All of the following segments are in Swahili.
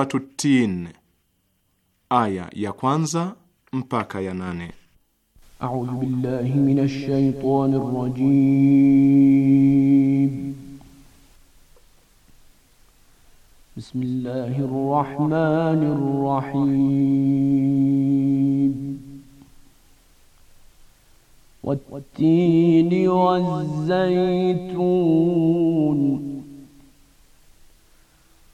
Suratu Tin, aya ya kwanza mpaka ya nane. A'udhu billahi minash shaitanir rajim. Bismillahir rahmanir rahim. والتين والزيتون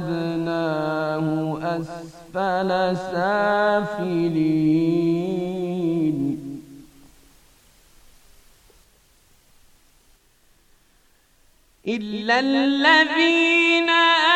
فَرَدَدْنَاهُ أَسْفَلَ سَافِلِينَ إِلَّا الَّذِينَ آمَنُوا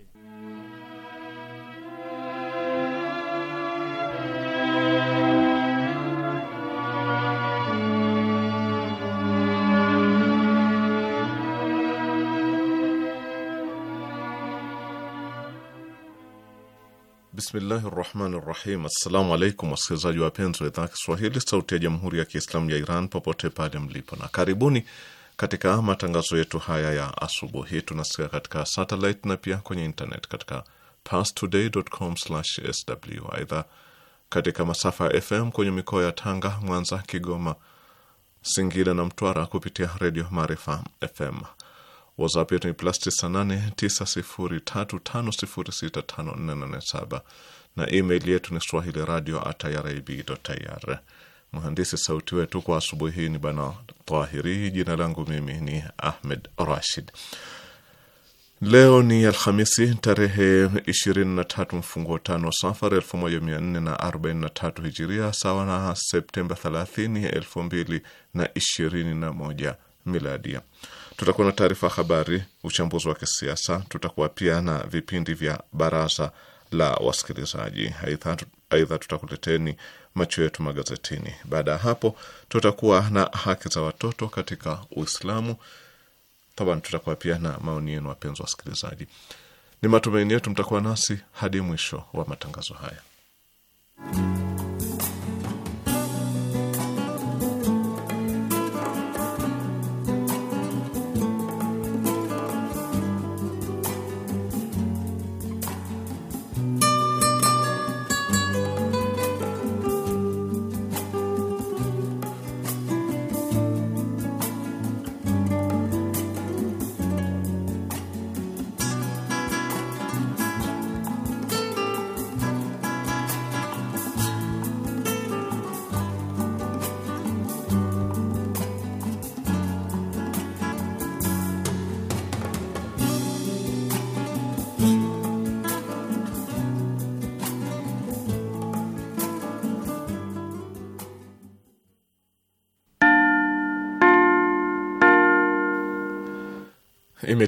Bismillahi rahmani rahim. Assalamu alaikum wasikilizaji wapenzi wa idhaa Kiswahili sauti ya jamhuri ya Kiislamu ya Iran popote pale mlipo, na karibuni katika matangazo yetu haya ya asubuhi. Tunasikia katika satellite na pia kwenye internet katika pastodaycom sw Aidha, katika masafa ya FM kwenye mikoa ya Tanga, Mwanza, Kigoma, Singida na Mtwara kupitia redio Maarifa FM. WhatsApp yetu ni plus 989035065487 na email yetu ni swahili radio at irib.ir. Mhandisi sauti wetu kwa asubuhi hii ni bana Tahiri. Jina langu mimi ni Ahmed Rashid. Leo ni Alhamisi tarehe 23 mfungo tano Safar 1443 Hijiria, sawa na Septemba 30, 2021 Miladia. Tutakuwa na taarifa ya habari, uchambuzi wa kisiasa, tutakuwa pia na vipindi vya baraza la wasikilizaji. Aidha, tutakuleteni macho yetu magazetini. Baada ya hapo, tutakuwa na haki za watoto katika Uislamu. Taban, tutakuwa pia na maoni yenu, wapenzi wasikilizaji. Ni matumaini yetu mtakuwa nasi hadi mwisho wa matangazo haya.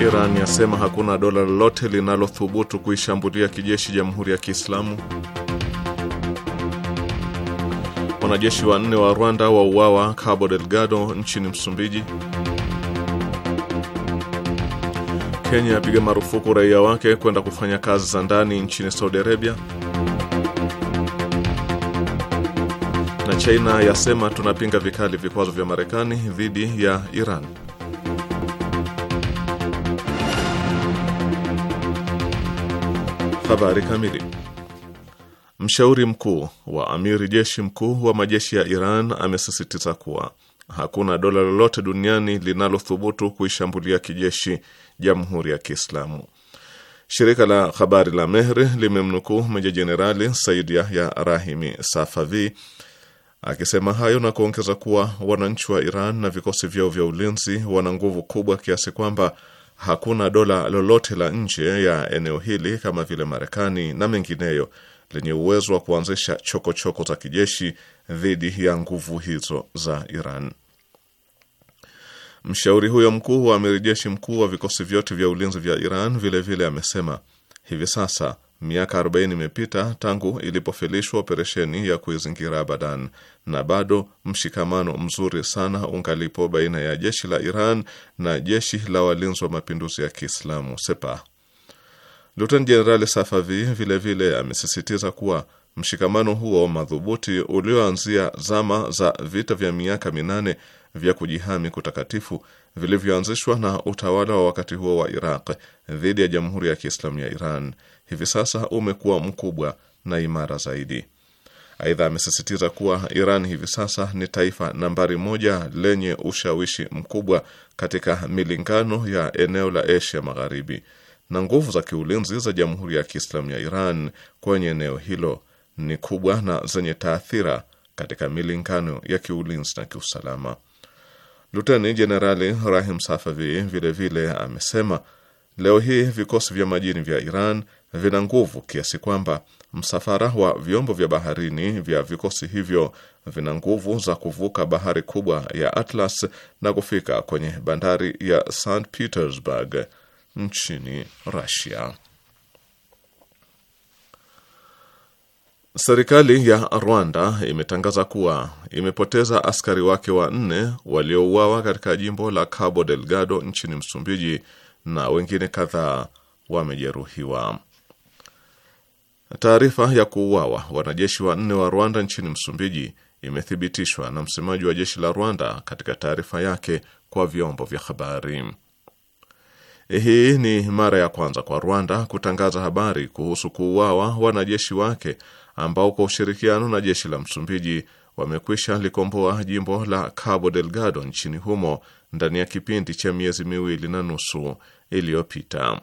Iran yasema hakuna dola lolote linalothubutu kuishambulia kijeshi jamhuri ya Kiislamu. Wanajeshi wanne wa Rwanda wauawa Cabo Delgado nchini Msumbiji. Kenya yapiga marufuku raia wake kwenda kufanya kazi za ndani nchini Saudi Arabia. Na China yasema tunapinga vikali vikwazo vya Marekani dhidi ya Iran. Habari kamili. Mshauri mkuu wa amiri jeshi mkuu wa majeshi ya Iran amesisitiza kuwa hakuna dola lolote duniani linalothubutu kuishambulia kijeshi jamhuri ya Kiislamu. Shirika la habari la Mehri limemnukuu meja jenerali Said Yahya Rahimi Safavi akisema hayo na kuongeza kuwa wananchi wa Iran na vikosi vyao vya ulinzi wana nguvu kubwa kiasi kwamba hakuna dola lolote la nje ya eneo hili kama vile Marekani na mengineyo lenye uwezo wa kuanzisha chokochoko za kijeshi dhidi ya nguvu hizo za Iran. Mshauri huyo mkuu wa amiri jeshi mkuu wa vikosi vyote vya ulinzi vya Iran vilevile vile amesema hivi sasa Miaka 40 imepita tangu ilipofilishwa operesheni ya kuizingira Abadan na bado mshikamano mzuri sana ungalipo baina ya jeshi la Iran na jeshi la walinzi wa mapinduzi ya Kiislamu sepa Luteni Jenerali Safavi vilevile amesisitiza kuwa mshikamano huo madhubuti ulioanzia zama za vita vya miaka minane vya kujihami kutakatifu vilivyoanzishwa na utawala wa wakati huo wa Iraq dhidi ya Jamhuri ya Kiislamu ya Iran hivi sasa umekuwa mkubwa na imara zaidi. Aidha, amesisitiza kuwa Iran hivi sasa ni taifa nambari moja lenye ushawishi mkubwa katika milingano ya eneo la Asia Magharibi, na nguvu za kiulinzi za Jamhuri ya Kiislamu ya Iran kwenye eneo hilo ni kubwa na zenye taathira katika milingano ya kiulinzi na kiusalama. Luteni Jenerali Rahim Safavi vilevile amesema leo hii vikosi vya majini vya Iran vina nguvu kiasi kwamba msafara wa vyombo vya baharini vya vikosi hivyo vina nguvu za kuvuka bahari kubwa ya Atlas na kufika kwenye bandari ya St Petersburg nchini Russia. Serikali ya Rwanda imetangaza kuwa imepoteza askari wake wanne waliouawa katika jimbo la Cabo Delgado nchini Msumbiji na wengine kadhaa wamejeruhiwa. Taarifa ya kuuawa wanajeshi wanne wa Rwanda nchini Msumbiji imethibitishwa na msemaji wa jeshi la Rwanda katika taarifa yake kwa vyombo vya habari. Hii ni mara ya kwanza kwa Rwanda kutangaza habari kuhusu kuuawa wanajeshi wake ambao kwa ushirikiano na jeshi la Msumbiji wamekwisha likomboa jimbo la Cabo Delgado nchini humo ndani ya kipindi cha miezi miwili na nusu iliyopita.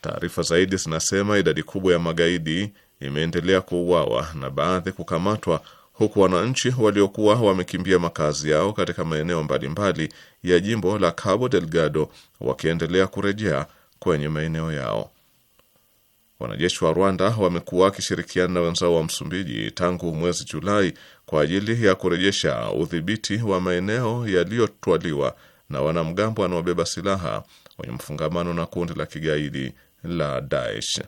Taarifa zaidi zinasema idadi kubwa ya magaidi imeendelea kuuawa na baadhi kukamatwa, huku wananchi waliokuwa wamekimbia makazi yao katika maeneo mbalimbali ya jimbo la Cabo Delgado wakiendelea kurejea kwenye maeneo yao. Wanajeshi wa Rwanda wamekuwa wakishirikiana na wenzao wa Msumbiji tangu mwezi Julai kwa ajili ya kurejesha udhibiti wa maeneo yaliyotwaliwa na wanamgambo wanaobeba silaha wenye mfungamano na kundi la kigaidi la Daesh.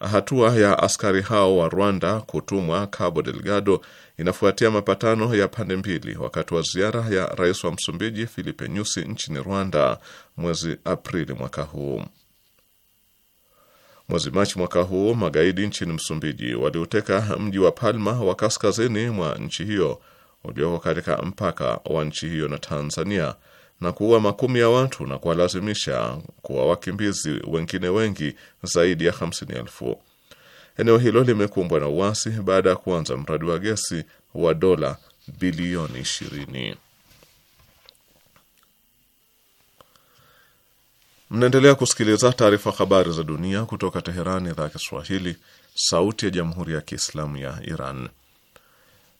Hatua ya askari hao wa Rwanda kutumwa Cabo Delgado inafuatia mapatano ya pande mbili wakati wa ziara ya rais wa Msumbiji Filipe Nyusi nchini Rwanda mwezi Aprili mwaka huu. Mwezi Machi mwaka huu magaidi nchini Msumbiji waliuteka mji wa Palma wa kaskazini mwa nchi hiyo ulioko katika mpaka wa nchi hiyo na Tanzania na kuua makumi ya watu na kuwalazimisha kuwa wakimbizi wengine wengi zaidi ya hamsini elfu. Eneo hilo limekumbwa na uasi baada ya kuanza mradi wa gesi wa dola bilioni ishirini. Mnaendelea kusikiliza taarifa habari za dunia kutoka Teherani, idhaa ya Kiswahili, sauti ya jamhuri ya kiislamu ya Iran.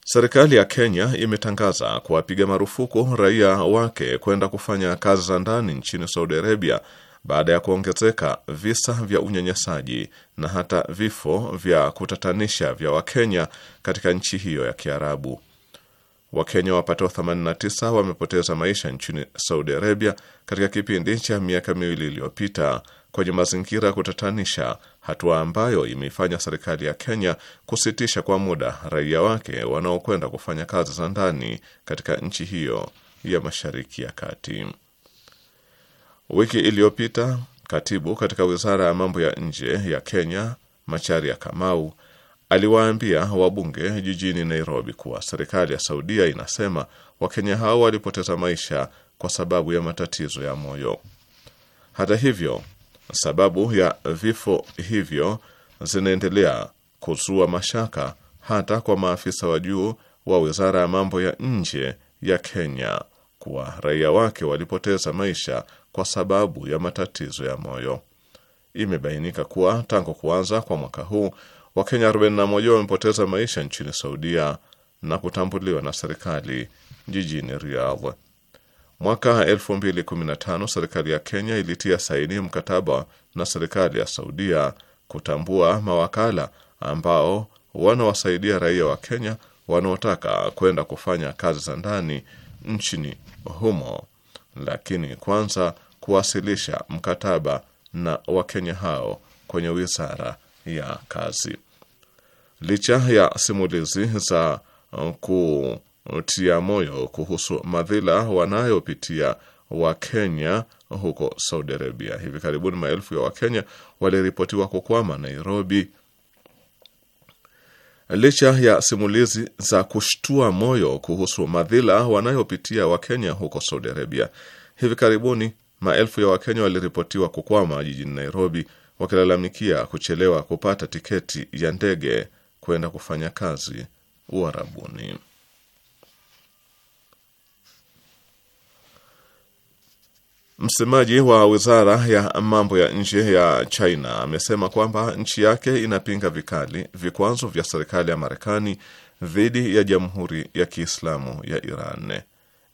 Serikali ya Kenya imetangaza kuwapiga marufuku raia wake kwenda kufanya kazi za ndani nchini Saudi Arabia baada ya kuongezeka visa vya unyanyasaji na hata vifo vya kutatanisha vya Wakenya katika nchi hiyo ya Kiarabu. Wakenya wapatao 89 wamepoteza maisha nchini Saudi Arabia katika kipindi cha miaka miwili iliyopita kwenye mazingira ya kutatanisha, hatua ambayo imeifanya serikali ya Kenya kusitisha kwa muda raia wake wanaokwenda kufanya kazi za ndani katika nchi hiyo ya Mashariki ya Kati. Wiki iliyopita, katibu katika wizara ya mambo ya nje ya Kenya, Macharia Kamau aliwaambia wabunge jijini Nairobi kuwa serikali ya Saudia inasema Wakenya hao walipoteza maisha kwa sababu ya matatizo ya moyo. Hata hivyo, sababu ya vifo hivyo zinaendelea kuzua mashaka hata kwa maafisa wa juu wa wizara ya mambo ya nje ya Kenya kuwa raia wake walipoteza maisha kwa sababu ya matatizo ya moyo. Imebainika kuwa tangu kuanza kwa mwaka huu Wakenya 41 wamepoteza maisha nchini Saudia na kutambuliwa na serikali jijini Riyadh. Mwaka 2015 serikali ya Kenya ilitia saini mkataba na serikali ya Saudia kutambua mawakala ambao wanawasaidia raia wa Kenya wanaotaka kwenda kufanya kazi za ndani nchini humo, lakini kwanza kuwasilisha mkataba na Wakenya hao kwenye wizara ya kazi. Licha ya simulizi za uh, kutia moyo kuhusu madhila wanayopitia Wakenya huko Saudi Arabia, hivi karibuni maelfu ya Wakenya waliripotiwa kukwama Nairobi. Licha ya simulizi za kushtua moyo kuhusu madhila wanayopitia Wakenya huko Saudi Arabia, hivi karibuni maelfu ya Wakenya waliripotiwa kukwama jijini Nairobi wakilalamikia kuchelewa kupata tiketi ya ndege kwenda kufanya kazi Uarabuni. Msemaji wa wizara ya mambo ya nje ya China amesema kwamba nchi yake inapinga vikali vikwazo vya serikali ya Marekani dhidi ya Jamhuri ya Kiislamu ya Iran.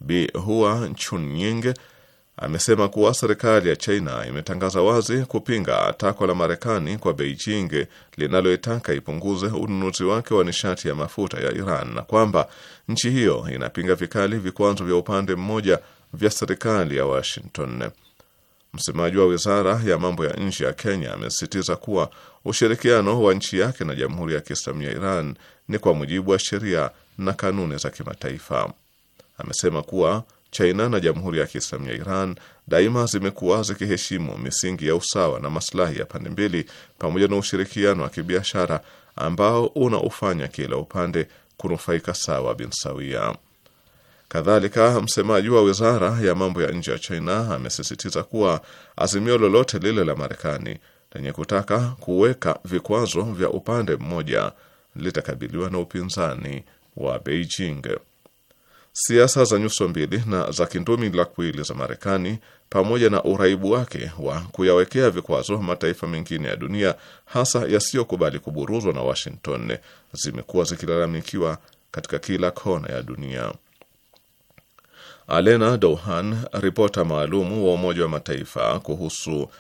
Bi Hua Chunying amesema kuwa serikali ya China imetangaza wazi kupinga takwa la Marekani kwa Beijing linaloitaka ipunguze ununuzi wake wa nishati ya mafuta ya Iran na kwamba nchi hiyo inapinga vikali vikwazo vya upande mmoja vya serikali ya Washington. Msemaji wa wizara ya mambo ya nje ya Kenya amesisitiza kuwa ushirikiano wa nchi yake na Jamhuri ya Kiislamu ya Iran ni kwa mujibu wa sheria na kanuni za kimataifa. Amesema kuwa China na Jamhuri ya Kiislamu ya Iran daima zimekuwa zikiheshimu misingi ya usawa na maslahi ya pande mbili pamoja na ushirikiano wa kibiashara ambao unaufanya kila upande kunufaika sawa bin sawia. Kadhalika, msemaji wa wizara ya mambo ya nje ya China amesisitiza kuwa azimio lolote lile la Marekani lenye kutaka kuweka vikwazo vya upande mmoja litakabiliwa na upinzani wa Beijing. Siasa za nyuso mbili na za kindumi la kuili za Marekani pamoja na uraibu wake wa kuyawekea vikwazo mataifa mengine ya dunia hasa yasiyokubali kuburuzwa na Washington zimekuwa zikilalamikiwa katika kila kona ya dunia. Alena Douhan, ripota maalumu wa Umoja wa Mataifa kuhusu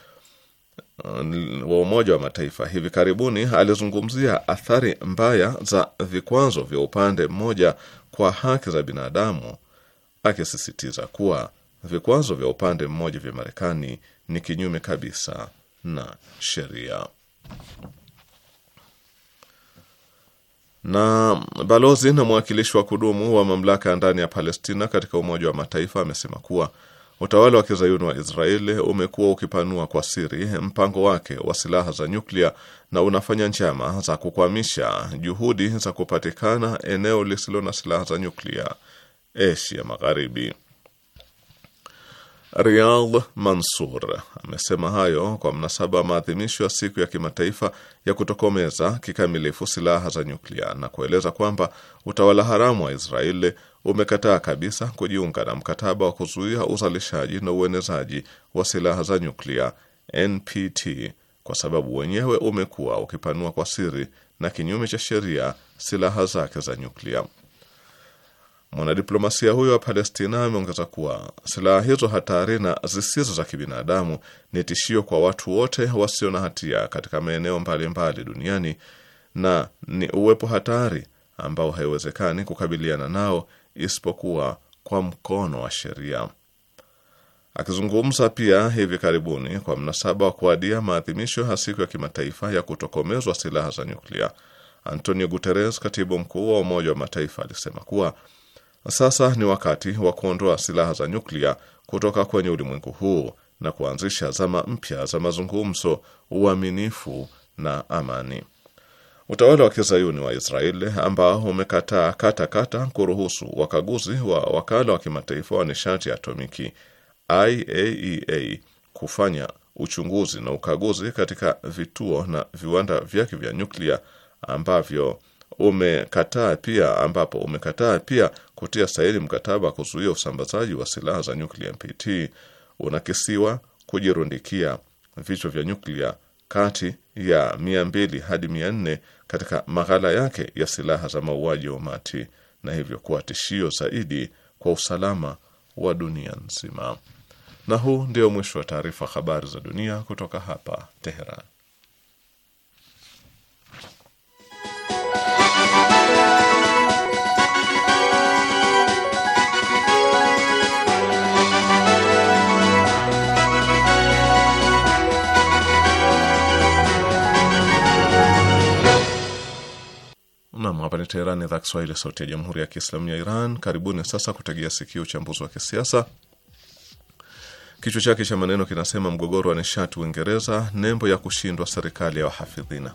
wa Umoja wa Mataifa hivi karibuni alizungumzia athari mbaya za vikwazo vya upande mmoja kwa haki za binadamu, akisisitiza kuwa vikwazo vya upande mmoja vya Marekani ni kinyume kabisa na sheria. Na balozi na mwakilishi wa kudumu wa mamlaka ya ndani ya Palestina katika Umoja wa Mataifa amesema kuwa Utawala wa kizayuni wa Israeli umekuwa ukipanua kwa siri mpango wake wa silaha za nyuklia na unafanya njama za kukwamisha juhudi za kupatikana eneo lisilo na silaha za nyuklia Asia Magharibi. Riyad Mansur amesema hayo kwa mnasaba wa maadhimisho ya siku ya kimataifa ya kutokomeza kikamilifu silaha za nyuklia na kueleza kwamba utawala haramu wa Israeli umekataa kabisa kujiunga na mkataba wa kuzuia uzalishaji na uenezaji wa silaha za nyuklia NPT kwa sababu wenyewe umekuwa ukipanua kwa siri na kinyume cha sheria silaha zake za nyuklia. Mwanadiplomasia huyo wa Palestina ameongeza kuwa silaha hizo hatari na zisizo za kibinadamu ni tishio kwa watu wote wasio na hatia katika maeneo mbalimbali duniani na ni uwepo hatari ambao haiwezekani kukabiliana nao isipokuwa kwa mkono wa sheria. Akizungumza pia hivi karibuni kwa mnasaba wa kuadia maadhimisho ya siku ya kimataifa ya kutokomezwa silaha za nyuklia, Antonio Guterres, katibu mkuu wa Umoja wa Mataifa, alisema kuwa sasa ni wakati wa kuondoa silaha za nyuklia kutoka kwenye ulimwengu huu na kuanzisha zama mpya za mazungumzo, uaminifu na amani. Utawala wa kizayuni wa Israeli ambao umekataa kata kuruhusu wakaguzi wa wakala wa kimataifa wa nishati ya atomiki IAEA e kufanya uchunguzi na ukaguzi katika vituo na viwanda vyake vya nyuklia ambavyo umekataa pia ambapo umekataa pia kutia saini mkataba wa kuzuia usambazaji wa silaha za nyuklia NPT unakisiwa kujirundikia vichwa vya nyuklia kati ya 200 hadi 400 katika maghala yake ya silaha za mauaji ya umati na hivyo kuwa tishio zaidi kwa usalama wa dunia nzima. Na huu ndio mwisho wa taarifa habari za dunia kutoka hapa Teheran. Teherani, idhaa Kiswahili, sauti ya jamhuri ya kiislamu ya Iran. Karibuni sasa kutegea sikio uchambuzi wa kisiasa, kichwa chake cha maneno kinasema mgogoro wa nishati Uingereza, nembo ya kushindwa serikali ya wahafidhina.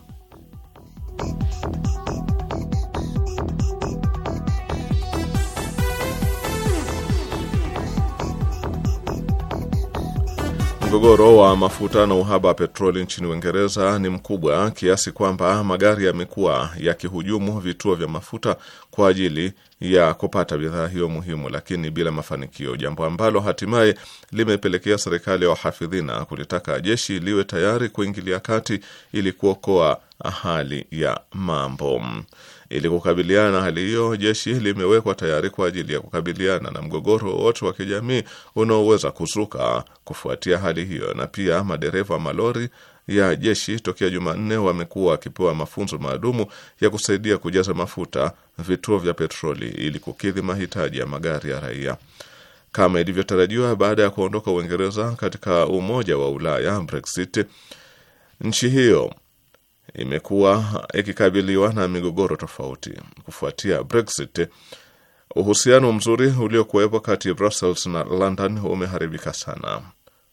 Mgogoro wa mafuta na uhaba wa petroli nchini Uingereza ni mkubwa kiasi kwamba magari yamekuwa yakihujumu vituo vya mafuta kwa ajili ya kupata bidhaa hiyo muhimu, lakini bila mafanikio, jambo ambalo hatimaye limepelekea serikali ya wahafidhina kulitaka jeshi liwe tayari kuingilia kati ili kuokoa hali ya mambo. Ili kukabiliana na hali hiyo, jeshi limewekwa tayari kwa ajili ya kukabiliana na mgogoro wowote wa kijamii unaoweza kuzuka kufuatia hali hiyo. Na pia madereva malori ya jeshi tokea Jumanne wamekuwa wakipewa mafunzo maalumu ya kusaidia kujaza mafuta vituo vya petroli ili kukidhi mahitaji ya magari ya raia. Kama ilivyotarajiwa baada ya kuondoka Uingereza katika Umoja wa Ulaya, Brexit, nchi hiyo imekuwa ikikabiliwa na migogoro tofauti. Kufuatia Brexit, uhusiano mzuri uliokuwepo kati ya Brussels na London umeharibika sana.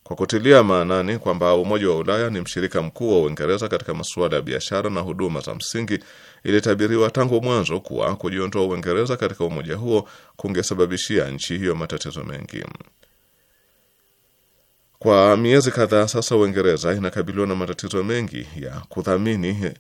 Kwa kutilia maanani kwamba Umoja wa Ulaya ni mshirika mkuu wa Uingereza katika masuala ya biashara na huduma za msingi, ilitabiriwa tangu mwanzo kuwa kujiondoa Uingereza katika umoja huo kungesababishia nchi hiyo matatizo mengi. Kwa miezi kadhaa sasa, Uingereza inakabiliwa na matatizo mengi ya kudhamini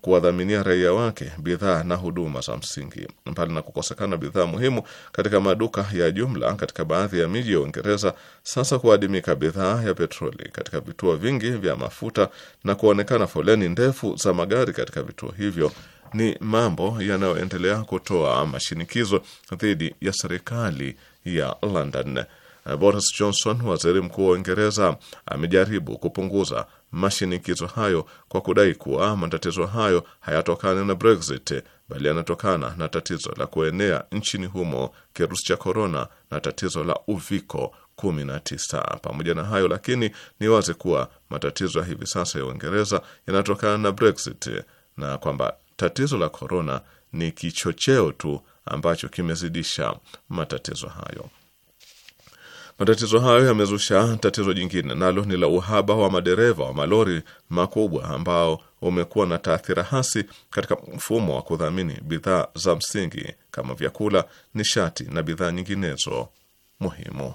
kuwadhaminia raia wake bidhaa na huduma za msingi. Mbali na kukosekana bidhaa muhimu katika maduka ya jumla katika baadhi ya miji ya Uingereza, sasa kuadimika bidhaa ya petroli katika vituo vingi vya mafuta na kuonekana foleni ndefu za magari katika vituo hivyo ni mambo yanayoendelea kutoa mashinikizo dhidi ya serikali ya London. Eh, Boris Johnson, waziri mkuu wa Uingereza, amejaribu kupunguza mashinikizo hayo kwa kudai kuwa matatizo hayo hayatokani na Brexit bali yanatokana na tatizo la kuenea nchini humo kirusi cha korona na tatizo la uviko 19. Pamoja na hayo lakini, ni wazi kuwa matatizo ya hivi sasa ya Uingereza yanatokana na Brexit na kwamba tatizo la korona ni kichocheo tu ambacho kimezidisha matatizo hayo. Matatizo hayo yamezusha tatizo jingine, nalo ni la uhaba wa madereva wa malori makubwa ambao umekuwa na taathira hasi katika mfumo wa kudhamini bidhaa za msingi kama vyakula, nishati na bidhaa nyinginezo muhimu.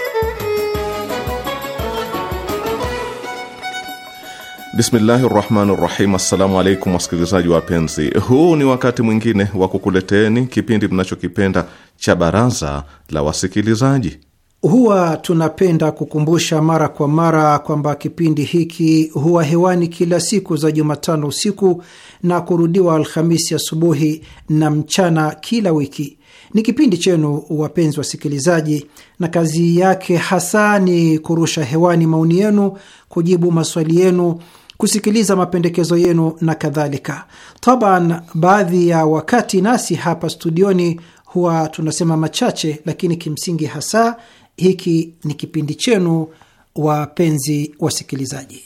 Bismillahi rahmani rahim. Assalamu alaikum wasikilizaji wapenzi, huu ni wakati mwingine wa kukuleteeni kipindi mnachokipenda cha baraza la wasikilizaji. Huwa tunapenda kukumbusha mara kwa mara kwamba kipindi hiki huwa hewani kila siku za Jumatano usiku na kurudiwa Alhamisi asubuhi na mchana kila wiki. Ni kipindi chenu wapenzi wasikilizaji, na kazi yake hasa ni kurusha hewani maoni yenu, kujibu maswali yenu kusikiliza mapendekezo yenu na kadhalika. Taban, baadhi ya wakati nasi hapa studioni huwa tunasema machache, lakini kimsingi hasa hiki ni kipindi chenu, wapenzi wasikilizaji.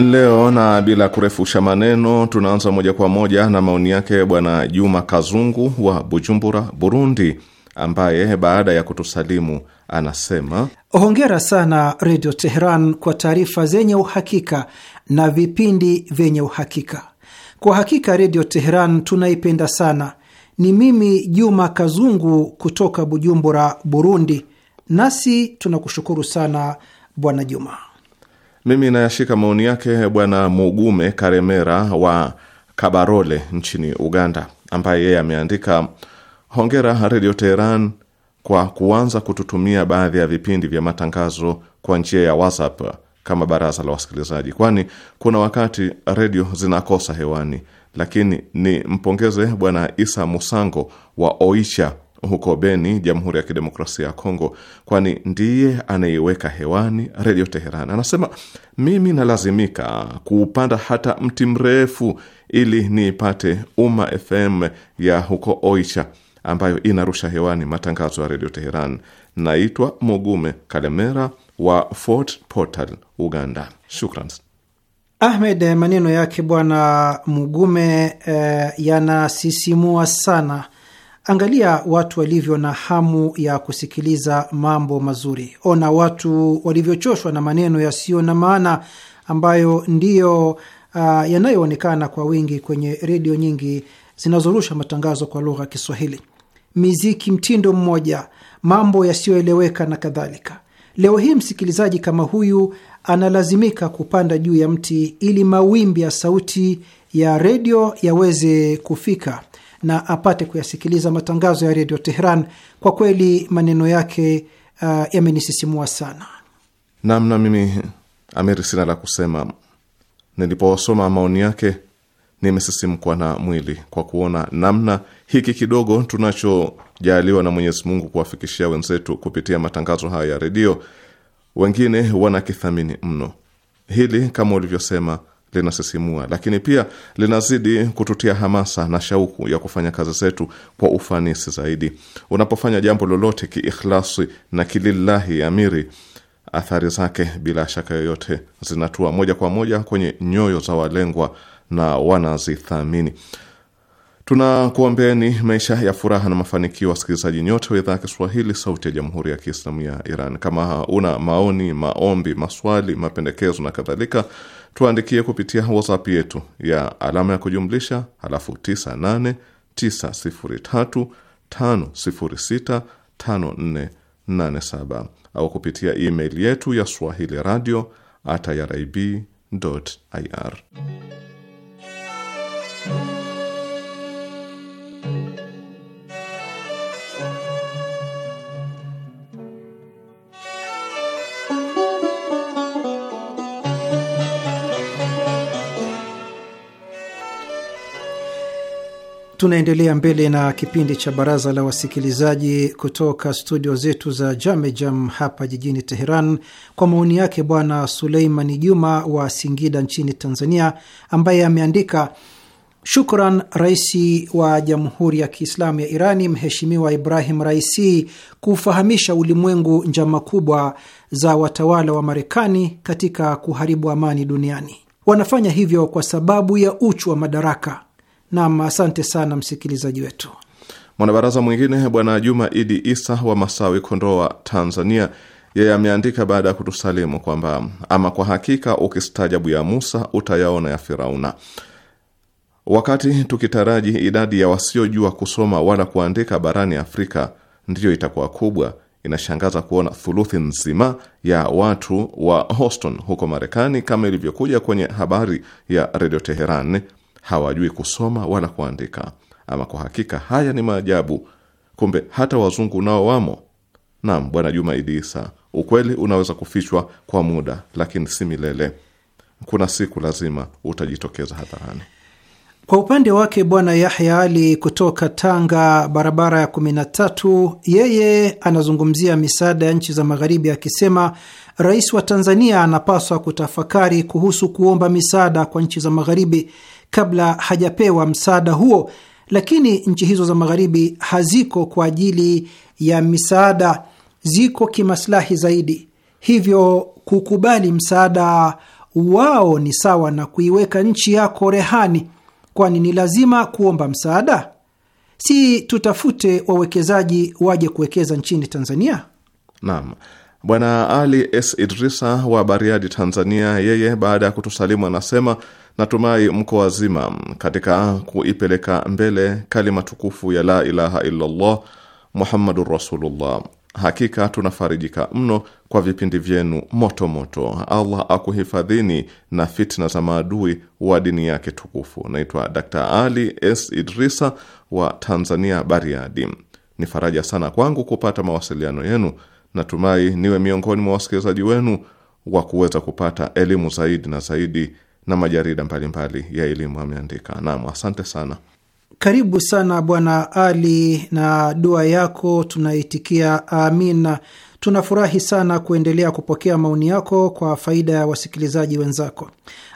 leo, na bila kurefusha maneno, tunaanza moja kwa moja na maoni yake Bwana Juma Kazungu wa Bujumbura, Burundi, ambaye baada ya kutusalimu anasema hongera sana Redio Teheran kwa taarifa zenye uhakika na vipindi vyenye uhakika. Kwa hakika Redio Teheran tunaipenda sana. Ni mimi Juma Kazungu kutoka Bujumbura, Burundi. Nasi tunakushukuru sana Bwana Juma. Mimi nayashika maoni yake Bwana Mugume Karemera wa Kabarole nchini Uganda, ambaye yeye ameandika hongera Redio Teheran kwa kuanza kututumia baadhi ya vipindi vya matangazo kwa njia ya WhatsApp kama baraza la wasikilizaji, kwani kuna wakati redio zinakosa hewani. Lakini ni mpongeze Bwana Isa Musango wa Oicha huko Beni, Jamhuri ya Kidemokrasia ya Kongo, kwani ndiye anayeweka hewani Redio Teheran. Anasema, mimi nalazimika kuupanda hata mti mrefu ili niipate umma FM ya huko Oicha ambayo inarusha hewani matangazo ya Redio Teheran. Naitwa mugume Kalemera wa Fort Portal, Uganda. Shukran. Ahmed, eh, maneno yake Bwana Mugume eh, yanasisimua sana Angalia watu walivyo na hamu ya kusikiliza mambo mazuri. Ona watu walivyochoshwa na maneno yasiyo na maana ambayo ndiyo uh, yanayoonekana kwa wingi kwenye redio nyingi zinazorusha matangazo kwa lugha ya Kiswahili. Miziki mtindo mmoja, mambo yasiyoeleweka na kadhalika. Leo hii msikilizaji kama huyu analazimika kupanda juu ya mti ili mawimbi ya sauti ya redio yaweze kufika na apate kuyasikiliza matangazo ya redio Teheran. Kwa kweli maneno yake uh, yamenisisimua sana. Naam, na mimi Amiri sina la kusema. Nilipowasoma maoni yake nimesisimkwa na mwili kwa kuona namna hiki kidogo tunachojaliwa na Mwenyezi Mungu kuwafikishia wenzetu kupitia matangazo haya ya redio, wengine wanakithamini mno. Hili kama ulivyosema linasisimua, lakini pia linazidi kututia hamasa na shauku ya kufanya kazi zetu kwa ufanisi zaidi. Unapofanya jambo lolote kiikhlasi na kilillahi amiri, athari zake bila shaka yoyote zinatua moja kwa moja kwenye nyoyo za walengwa na wanazithamini. Tunakuombeni maisha ya furaha na mafanikio, wasikilizaji nyote wa idhaa ya Kiswahili, Sauti ya Jamhuri ya Kiislamu ya Iran. Kama una maoni, maombi, maswali, mapendekezo na kadhalika, tuandikie kupitia WhatsApp yetu ya alama ya kujumlisha halafu 989035065487 au kupitia email yetu ya swahili radio at irib ir Tunaendelea mbele na kipindi cha baraza la wasikilizaji kutoka studio zetu za Jamejam hapa jijini Teheran, kwa maoni yake Bwana Suleimani Juma wa Singida nchini Tanzania, ambaye ameandika Shukran Rais wa Jamhuri ya Kiislamu ya Irani, Mheshimiwa Ibrahim Raisi, kufahamisha ulimwengu njama kubwa za watawala wa Marekani katika kuharibu amani duniani. Wanafanya hivyo kwa sababu ya uchu wa madaraka Nam, asante sana msikilizaji wetu. Mwanabaraza mwingine Bwana Juma Idi Isa wa Masawi, Kondoa, Tanzania, yeye ameandika baada ya kutusalimu kwamba ama kwa hakika ukistajabu ya Musa utayaona ya Firauna. Wakati tukitaraji idadi ya wasiojua kusoma wala kuandika barani Afrika ndiyo itakuwa kubwa, inashangaza kuona thuluthi nzima ya watu wa Houston huko Marekani, kama ilivyokuja kwenye habari ya Redio Teheran, hawajui kusoma wala kuandika. Ama kwa hakika haya ni maajabu, kumbe hata wazungu nao wamo. Naam, Bwana Juma Idi Isa, ukweli unaweza kufichwa kwa muda, lakini si milele. Kuna siku lazima utajitokeza hadharani. Kwa upande wake Bwana Yahya Ali kutoka Tanga, barabara ya kumi na tatu, yeye anazungumzia misaada ya nchi za Magharibi akisema rais wa Tanzania anapaswa kutafakari kuhusu kuomba misaada kwa nchi za Magharibi kabla hajapewa msaada huo, lakini nchi hizo za magharibi haziko kwa ajili ya misaada, ziko kimaslahi zaidi. Hivyo kukubali msaada wao ni sawa na kuiweka nchi yako rehani, kwani ni lazima kuomba msaada. Si tutafute wawekezaji waje kuwekeza nchini Tanzania? Naam. Bwana Ali S Idrisa wa Bariadi, Tanzania, yeye baada ya kutusalimu anasema Natumai mko wazima katika kuipeleka mbele kalima tukufu ya la ilaha illallah muhammadur rasulullah. Hakika tunafarijika mno kwa vipindi vyenu moto moto. Allah akuhifadhini na fitna za maadui wa dini yake tukufu. Naitwa Dr. Ali S. Idrisa wa Tanzania, Bariadi. Ni faraja sana kwangu kupata mawasiliano yenu. Natumai niwe miongoni mwa wasikilizaji wenu wa kuweza kupata elimu zaidi na zaidi na majarida mbalimbali mbali ya elimu ameandika. Naam, asante sana. Karibu sana Bwana Ali, na dua yako tunaitikia amina. Tunafurahi sana kuendelea kupokea maoni yako kwa faida ya wasikilizaji wenzako.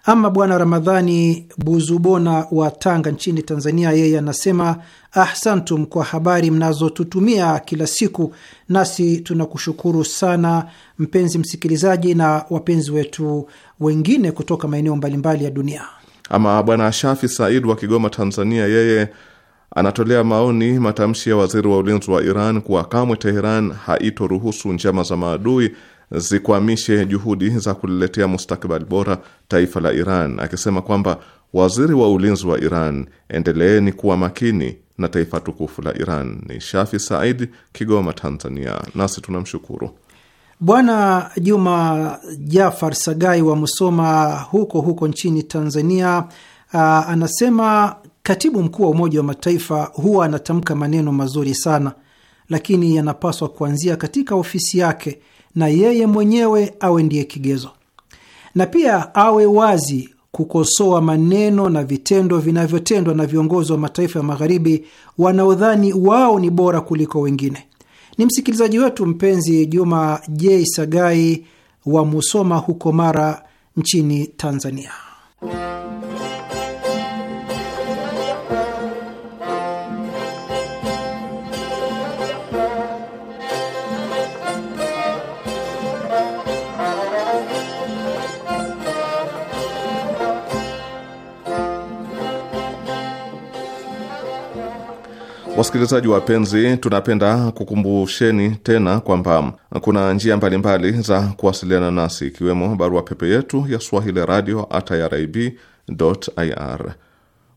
Ama Bwana Ramadhani Buzubona wa Tanga nchini Tanzania, yeye anasema ahsantum kwa habari mnazotutumia kila siku, nasi tunakushukuru sana mpenzi msikilizaji na wapenzi wetu wengine kutoka maeneo mbalimbali ya dunia. Ama Bwana Shafi Said wa Kigoma, Tanzania, yeye anatolea maoni matamshi ya waziri wa ulinzi wa Iran kuwa kamwe Teheran haitoruhusu njama za maadui zikwamishe juhudi za kuliletea mustakbali bora taifa la Iran, akisema kwamba waziri wa ulinzi wa Iran, endeleeni kuwa makini na taifa tukufu la Iran. Ni Shafi Said, Kigoma, Tanzania. Nasi tunamshukuru Bwana Juma Jafar Sagai wa Musoma, huko huko nchini Tanzania. Uh, anasema Katibu mkuu wa Umoja wa Mataifa huwa anatamka maneno mazuri sana, lakini yanapaswa kuanzia katika ofisi yake na yeye mwenyewe awe ndiye kigezo, na pia awe wazi kukosoa maneno na vitendo vinavyotendwa na viongozi wa mataifa ya Magharibi wanaodhani wao ni bora kuliko wengine. Ni msikilizaji wetu mpenzi Juma J Sagai wa Musoma huko Mara nchini Tanzania. Wasikilizaji wapenzi, tunapenda kukumbusheni tena kwamba kuna njia mbalimbali mbali za kuwasiliana nasi, ikiwemo barua pepe yetu ya swahili radio at ir.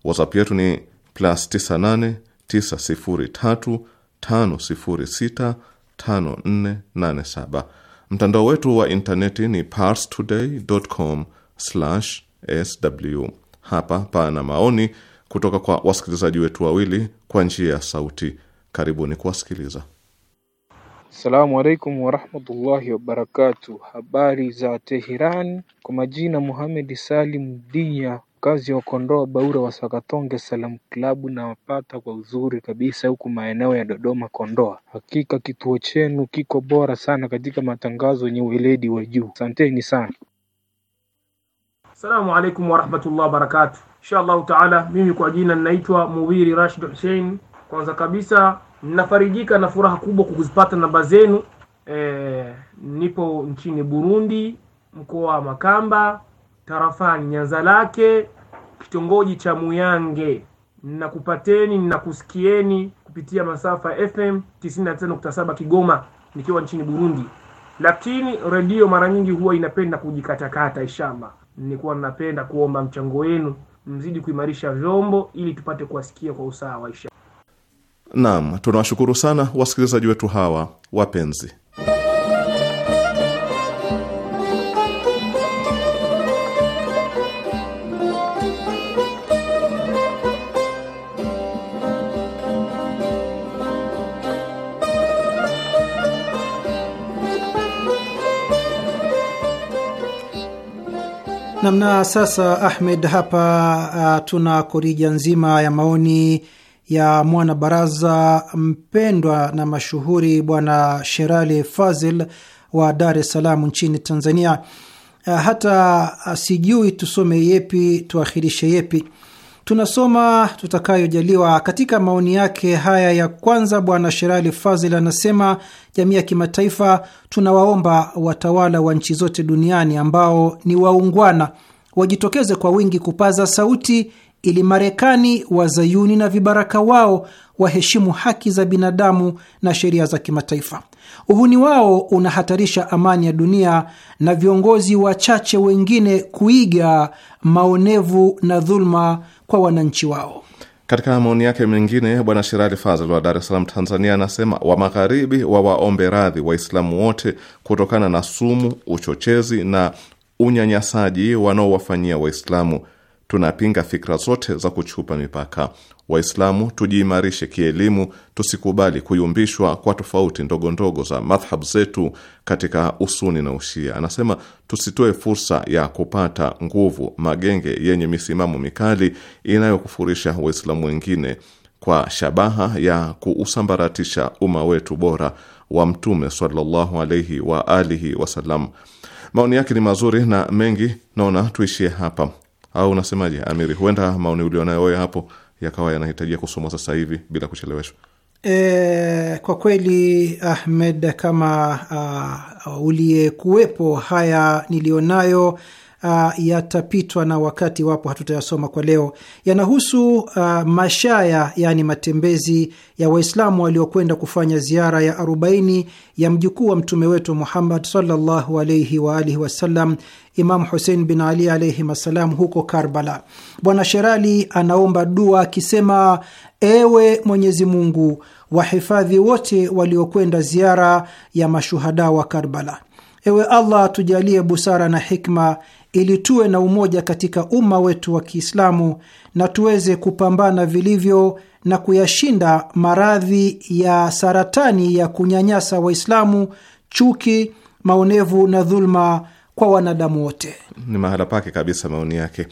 WhatsApp yetu ni plus 98 Mtandao wetu wa intaneti ni parstoday.com sw. Hapa pana maoni kutoka kwa wasikilizaji wetu wawili kwa njia ya sauti. Karibuni kuwasikiliza. Assalamu alaikum warahmatullahi wabarakatu. Habari za Teheran. Kwa majina Muhamedi Salim Dinya, mkazi wa Kondoa Baura wa Sakatonge Salam Klabu, Nawapata kwa uzuri kabisa huku maeneo ya Dodoma Kondoa. Hakika kituo chenu kiko bora sana katika matangazo yenye uweledi wa juu. Asanteni sana. Assalamu alaikum warahmatullahi wabarakatu Insha Allahu taala, mimi kwa jina ninaitwa Mubiri Rashid Hussein. Kwanza kabisa ninafarijika na furaha kubwa kukuzipata namba zenu. E, nipo nchini Burundi, mkoa wa Makamba, tarafani lake, kitongoji cha Muyange. Ninakupateni, ninakusikieni kupitia masafa FM 95.7 Kigoma, nikiwa nchini Burundi, lakini redio mara nyingi huwa inapenda kujikatakata. ishamba nilikuwa ninapenda kuomba mchango wenu, mzidi kuimarisha vyombo ili tupate kuwasikia kwa usawa. Naam, tunawashukuru sana wasikilizaji wetu hawa wapenzi. Namna sasa, Ahmed, hapa uh, tuna korija nzima ya maoni ya mwanabaraza mpendwa na mashuhuri Bwana Sherali Fazil wa Dar es Salaam nchini Tanzania. Uh, hata uh, sijui tusome yepi tuakhirishe yepi. Tunasoma tutakayojaliwa. Katika maoni yake haya ya kwanza, Bwana Sherali Fazil anasema jamii ya kimataifa, tunawaomba watawala wa nchi zote duniani ambao ni waungwana wajitokeze kwa wingi kupaza sauti ili Marekani, wazayuni na vibaraka wao waheshimu haki za binadamu na sheria za kimataifa. Uhuni wao unahatarisha amani ya dunia na viongozi wachache wengine kuiga maonevu na dhuluma kwa wananchi wao. Katika maoni yake mengine, Bwana Sherali Fazl wa Dar es Salaam, Tanzania, anasema wa Magharibi wawaombe radhi Waislamu wote kutokana na sumu, uchochezi na unyanyasaji wanaowafanyia Waislamu tunapinga fikra zote za kuchupa mipaka. Waislamu tujiimarishe kielimu, tusikubali kuyumbishwa kwa tofauti ndogo ndogo za madhhab zetu katika usuni na ushia. Anasema tusitoe fursa ya kupata nguvu magenge yenye misimamo mikali inayokufurisha Waislamu wengine kwa shabaha ya kuusambaratisha umma wetu bora wa Mtume sallallahu alaihi wa alihi wasallam. Maoni yake ni mazuri na mengi, naona tuishie hapa au unasemaje Amiri? Huenda maoni ulionayo wewe hapo yakawa yanahitajia kusomwa sasa hivi bila kucheleweshwa. E, kwa kweli Ahmed, kama uh, uliyekuwepo, haya niliyonayo Ah, yatapitwa na wakati wapo hatutayasoma kwa leo. Yanahusu uh, mashaya, yani matembezi ya Waislamu waliokwenda kufanya ziara ya arobaini ya mjukuu wa mtume wetu Muhammad sallallahu alaihi waalihi wasallam Imam Husein bin Ali alaihim assalam huko Karbala. Bwana Sherali anaomba dua akisema: ewe Mwenyezi Mungu, wahifadhi wote waliokwenda ziara ya mashuhada wa Karbala. Ewe Allah, tujalie busara na hikma ili tuwe na umoja katika umma wetu wa Kiislamu na tuweze kupambana vilivyo na kuyashinda maradhi ya saratani ya kunyanyasa Waislamu, chuki, maonevu na dhuluma kwa wanadamu wote. Ni mahala pake kabisa maoni yake.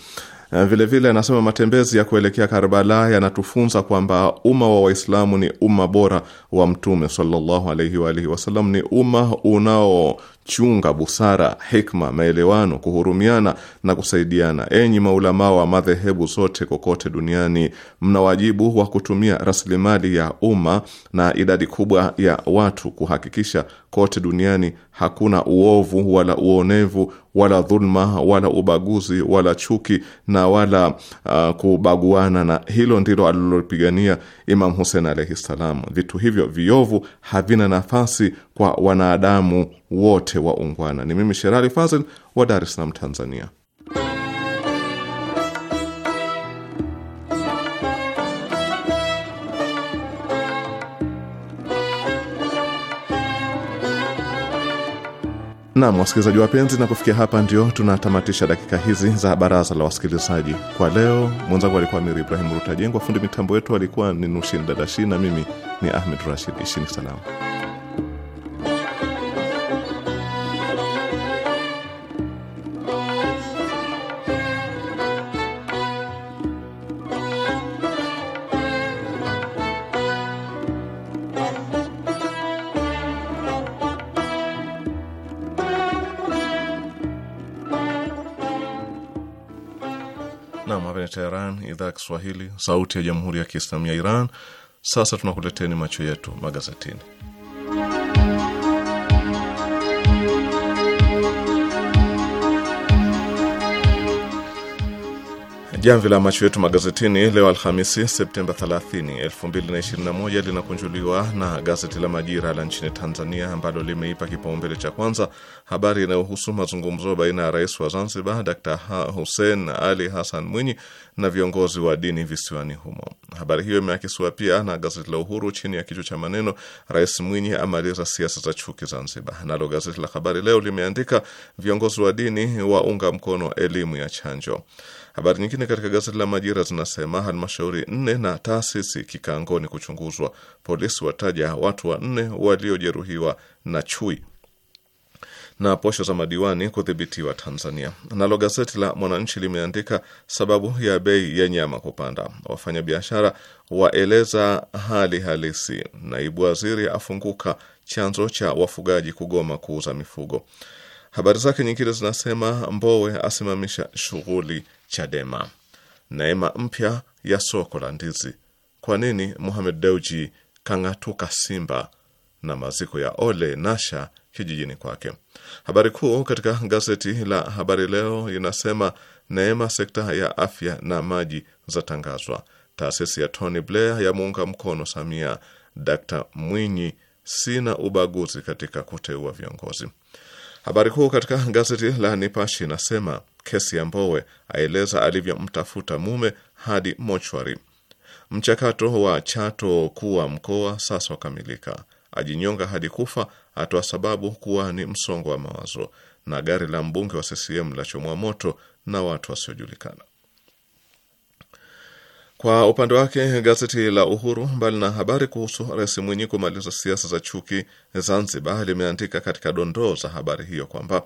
Vilevile uh, vile, anasema matembezi ya kuelekea Karbala yanatufunza kwamba umma wa Waislamu ni umma bora wa Mtume sallallahu alaihi wa alihi wasallam, ni umma unao chunga busara, hikma, maelewano, kuhurumiana na kusaidiana. Enyi maulamaa wa madhehebu zote kokote duniani, mna wajibu wa kutumia rasilimali ya umma na idadi kubwa ya watu kuhakikisha kote duniani hakuna uovu wala uonevu wala dhulma wala ubaguzi wala chuki na wala uh, kubaguana. Na hilo ndilo alilopigania Imam Hussein alaihi salam. Vitu hivyo viovu havina nafasi kwa wanadamu wote wa ungwana Ni mimi Sherali Fazil wa Dar es Salaam, Tanzania. Nam, wasikilizaji wapenzi, na kufikia hapa ndio tunatamatisha dakika hizi za baraza la wasikilizaji kwa leo. Mwenzangu alikuwa Amiri Ibrahim Rutajengwa, fundi mitambo wetu alikuwa ni Nushin Dadashi, na mimi ni Ahmed Rashid. Ishini salamu. Teheran, idhaa ya Kiswahili, sauti ya jamhuri ya kiislamu ya Iran. Sasa tunakuleteni macho yetu magazetini. Jamvi la macho yetu magazetini leo Alhamisi, Septemba 30, 2021 linakunjuliwa na gazeti la Majira la nchini Tanzania ambalo limeipa kipaumbele cha kwanza habari inayohusu mazungumzo baina ya rais wa Zanzibar Dr Hussein Ali Hassan Mwinyi na viongozi wa dini visiwani humo. Habari hiyo imeakisiwa pia na gazeti la Uhuru chini ya kichwa cha maneno, Rais Mwinyi amaliza siasa za chuki Zanzibar. Nalo gazeti la Habari Leo limeandika viongozi wa dini waunga mkono elimu ya chanjo. Habari nyingine katika gazeti la Majira zinasema halmashauri nne na taasisi kikangoni kuchunguzwa, polisi wataja watu wanne waliojeruhiwa na chui, na posho za madiwani kudhibitiwa Tanzania. Nalo gazeti la Mwananchi limeandika sababu ya bei ya nyama kupanda, wafanyabiashara waeleza hali halisi, naibu waziri afunguka chanzo cha wafugaji kugoma kuuza mifugo. Habari zake nyingine zinasema Mbowe asimamisha shughuli Chadema. Neema mpya ya soko la ndizi. Kwa nini muhamed Deuji kang'atuka Simba na maziko ya Ole Nasha kijijini kwake. Habari kuu katika gazeti la Habari Leo inasema neema sekta ya afya na maji zatangazwa. Taasisi ya Tony Blair yamuunga mkono Samia. d Mwinyi, sina ubaguzi katika kuteua viongozi. Habari kuu katika gazeti la nipashi inasema kesi ya Mbowe aeleza alivyomtafuta mume hadi mochwari. Mchakato wa Chato kuwa mkoa sasa wakamilika. Ajinyonga hadi kufa, atoa sababu kuwa ni msongo wa mawazo, na gari la mbunge wa CCM lachomwa moto na watu wasiojulikana. Kwa upande wake gazeti la Uhuru, mbali na habari kuhusu Rais Mwinyi kumaliza siasa za chuki Zanzibar, limeandika katika dondoo za habari hiyo kwamba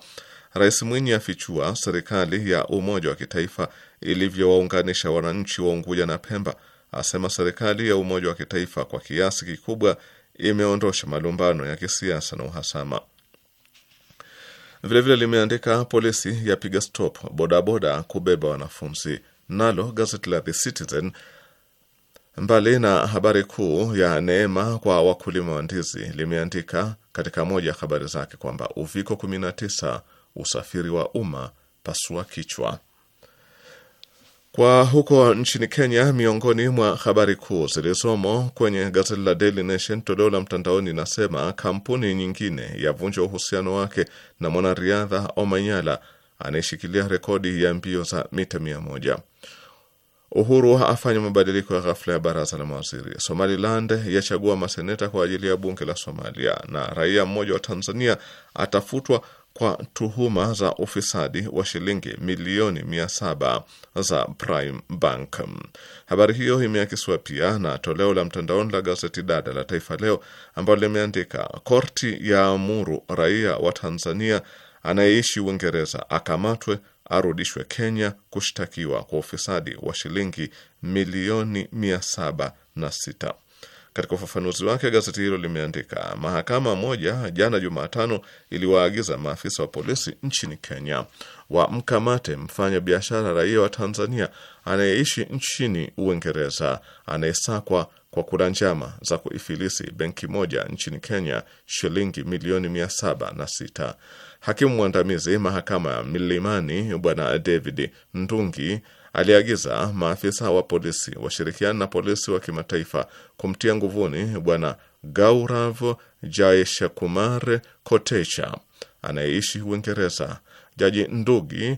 Rais Mwinyi afichua serikali ya umoja wa kitaifa ilivyowaunganisha wananchi wa Unguja na Pemba. Asema serikali ya umoja wa kitaifa kwa kiasi kikubwa imeondosha malumbano ya kisiasa na uhasama. Vilevile limeandika polisi yapiga stop bodaboda kubeba wanafunzi. Nalo gazeti la The Citizen mbali na habari kuu ya neema kwa wakulima wa ndizi limeandika katika moja ya habari zake kwamba Uviko 19 usafiri wa umma pasua kichwa. Kwa huko nchini Kenya, miongoni mwa habari kuu zilizomo kwenye gazeti la Daily Nation toleo la mtandaoni inasema kampuni nyingine yavunja uhusiano wake na mwanariadha Omanyala anayeshikilia rekodi ya mbio za mita mia moja. Uhuru afanya mabadiliko ya ghafla ya baraza la mawaziri. Somaliland yachagua maseneta kwa ajili ya bunge la Somalia, na raia mmoja wa Tanzania atafutwa kwa tuhuma za ufisadi wa shilingi milioni mia saba za Prime Bank. Habari hiyo imeakisiwa pia na toleo la mtandaoni la gazeti dada la Taifa Leo ambalo limeandika korti ya amuru raia wa Tanzania anayeishi Uingereza akamatwe arudishwe Kenya kushtakiwa kwa ufisadi wa shilingi milioni mia saba na sita. Katika ufafanuzi wake, gazeti hilo limeandika mahakama moja jana Jumatano iliwaagiza maafisa wa polisi nchini Kenya wamkamate mfanya biashara raia wa Tanzania anayeishi nchini Uingereza anayesakwa kwa kura njama za kuifilisi benki moja nchini Kenya shilingi milioni mia saba na sita. Hakimu mwandamizi mahakama ya Milimani Bwana David Ndungi aliagiza maafisa wa polisi washirikiana na polisi wa kimataifa kumtia nguvuni bwana Gaurav Jaishakumar Kotecha anayeishi Uingereza. Jaji Ndugi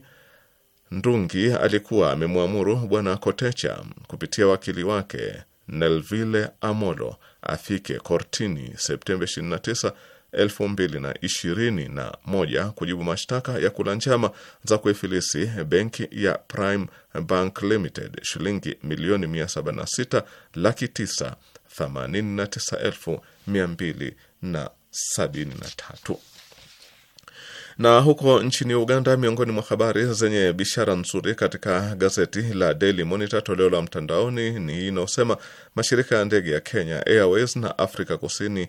Ndungi alikuwa amemwamuru bwana Kotecha kupitia wakili wake Nelvile Amolo afike kortini Septemba 29 elfu mbili na ishirini na moja kujibu mashtaka ya kula njama za kuifilisi benki ya Prime Bank Limited shilingi milioni 176 laki 9 89 elfu mia2il na tatu na huko nchini Uganda, miongoni mwa habari zenye bishara nzuri katika gazeti la Daily Monitor toleo la mtandaoni ni inayosema mashirika ya ndege ya Kenya Airways na Afrika Kusini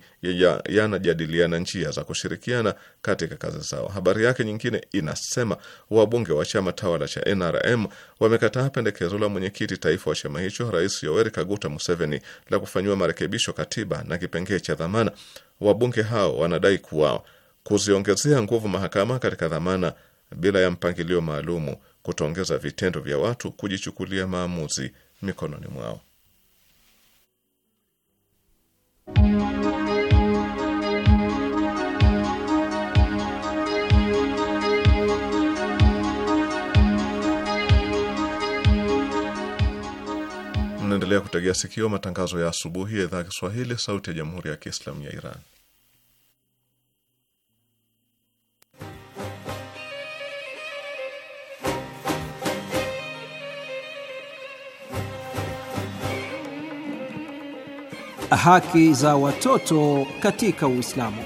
yanajadiliana ya njia za kushirikiana katika kazi zao. Habari yake nyingine inasema wabunge wa chama tawala cha NRM wamekataa pendekezo la mwenyekiti taifa wa chama hicho Rais Yoweri Kaguta Museveni la kufanyiwa marekebisho katiba na kipengee cha dhamana. Wabunge hao wanadai kuwa Kuziongezea nguvu mahakama katika dhamana bila ya mpangilio maalumu kutaongeza vitendo vya watu kujichukulia maamuzi mikononi mwao. Mnaendelea kutegea sikio matangazo ya asubuhi ya idhaa ya Kiswahili, sauti ya jamhuri ya kiislamu ya Iran. Haki za watoto katika Uislamu.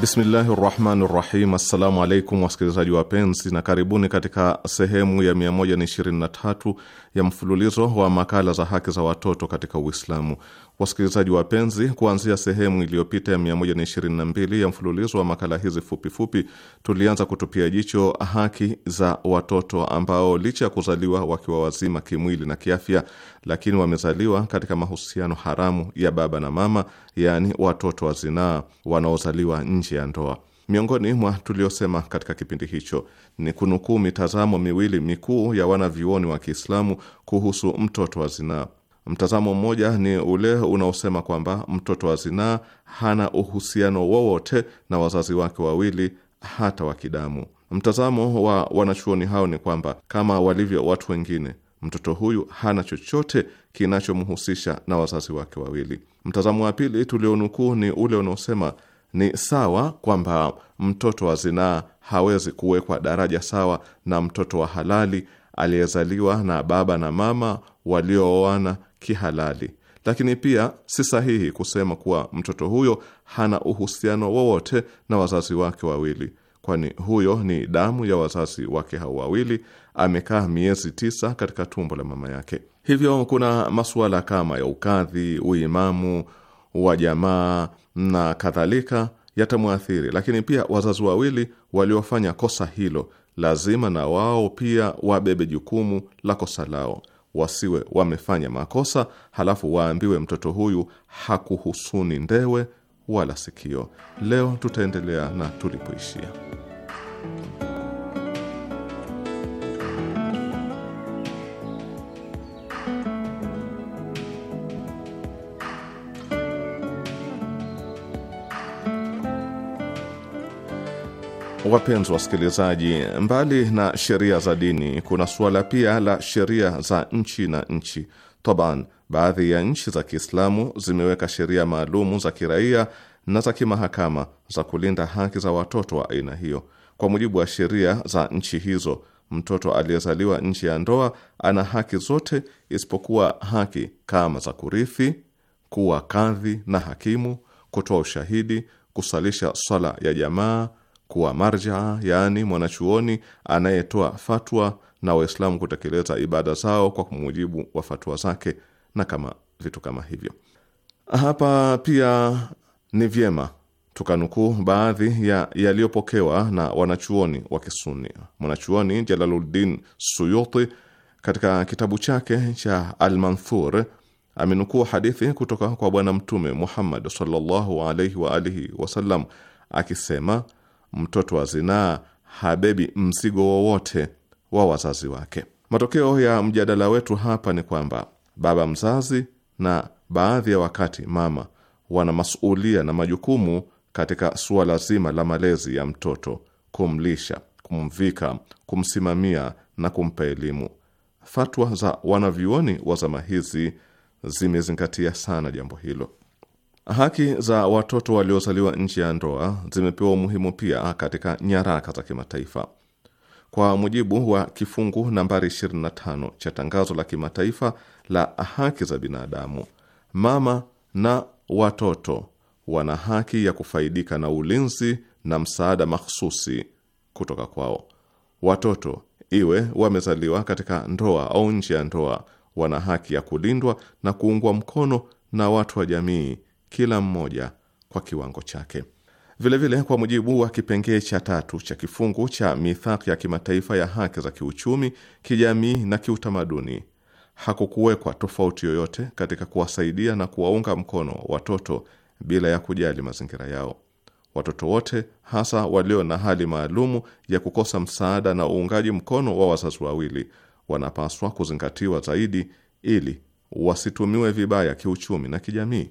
Bismillahi rahmani rahim. Assalamu alaikum wasikilizaji wapenzi, na karibuni katika sehemu ya 123 ya mfululizo wa makala za haki za watoto katika Uislamu. Wasikilizaji wapenzi, kuanzia sehemu iliyopita ya 122 ya mfululizo wa makala hizi fupifupi fupi, tulianza kutupia jicho haki za watoto ambao licha ya kuzaliwa wakiwa wazima kimwili na kiafya, lakini wamezaliwa katika mahusiano haramu ya baba na mama, yaani watoto wa zinaa wanaozaliwa nje ya ndoa. Miongoni mwa tuliosema katika kipindi hicho ni kunukuu mitazamo miwili mikuu ya wanavyuoni wa Kiislamu kuhusu mtoto wa zinaa. Mtazamo mmoja ni ule unaosema kwamba mtoto wa zinaa hana uhusiano wowote na wazazi wake wawili hata wa kidamu. Mtazamo wa wanachuoni hao ni kwamba kama walivyo watu wengine, mtoto huyu hana chochote kinachomhusisha na wazazi wake wawili. Mtazamo wa pili tulionukuu ni ule unaosema ni sawa kwamba mtoto wa zinaa hawezi kuwekwa daraja sawa na mtoto wa halali aliyezaliwa na baba na mama waliooana kihalali, lakini pia si sahihi kusema kuwa mtoto huyo hana uhusiano wowote na wazazi wake wawili, kwani huyo ni damu ya wazazi wake hao wawili. Amekaa miezi tisa katika tumbo la mama yake. Hivyo kuna masuala kama ya ukadhi, uimamu wa jamaa na kadhalika yatamwathiri, lakini pia wazazi wawili waliofanya kosa hilo lazima na wao pia wabebe jukumu la kosa lao wasiwe wamefanya makosa, halafu waambiwe mtoto huyu hakuhusuni ndewe wala sikio. Leo tutaendelea na tulipoishia. Wapenzi wasikilizaji, mbali na sheria za dini, kuna suala pia la sheria za nchi na nchi toban. Baadhi ya nchi za Kiislamu zimeweka sheria maalumu za kiraia na za kimahakama za kulinda haki za watoto wa aina hiyo. Kwa mujibu wa sheria za nchi hizo, mtoto aliyezaliwa nje ya ndoa ana haki zote isipokuwa haki kama za kurithi, kuwa kadhi na hakimu, kutoa ushahidi, kusalisha swala ya jamaa kuwa marja, yaani mwanachuoni anayetoa fatwa na Waislamu kutekeleza ibada zao kwa mujibu wa fatwa zake na kama vitu kama hivyo. Hapa pia ni vyema tukanukuu baadhi ya yaliyopokewa na wanachuoni wa Kisuni. Mwanachuoni Jalaluddin Suyuti katika kitabu chake cha Almanthur amenukuu hadithi kutoka kwa Bwana Mtume Muhammad sallallahu alaihi wa alihi wasallam akisema mtoto wa zinaa habebi mzigo wowote wa wazazi wake. Matokeo ya mjadala wetu hapa ni kwamba baba mzazi na baadhi ya wakati mama wana masuulia na majukumu katika suala zima la malezi ya mtoto, kumlisha, kumvika, kumsimamia na kumpa elimu. Fatwa za wanavyuoni wa zama hizi zimezingatia sana jambo hilo. Haki za watoto waliozaliwa nje ya ndoa zimepewa umuhimu pia katika nyaraka za kimataifa. Kwa mujibu wa kifungu nambari 25 cha tangazo la kimataifa la haki za binadamu, mama na watoto wana haki ya kufaidika na ulinzi na msaada makhususi kutoka kwao. Watoto iwe wamezaliwa katika ndoa au nje ya ndoa, wana haki ya kulindwa na kuungwa mkono na watu wa jamii kila mmoja kwa kiwango chake. Vilevile vile, kwa mujibu wa kipengee cha tatu cha kifungu cha mithaki ya kimataifa ya haki za kiuchumi, kijamii na kiutamaduni, hakukuwekwa tofauti yoyote katika kuwasaidia na kuwaunga mkono watoto bila ya kujali mazingira yao. Watoto wote hasa walio na hali maalumu ya kukosa msaada na uungaji mkono wa wazazi wawili wanapaswa kuzingatiwa zaidi ili wasitumiwe vibaya kiuchumi na kijamii.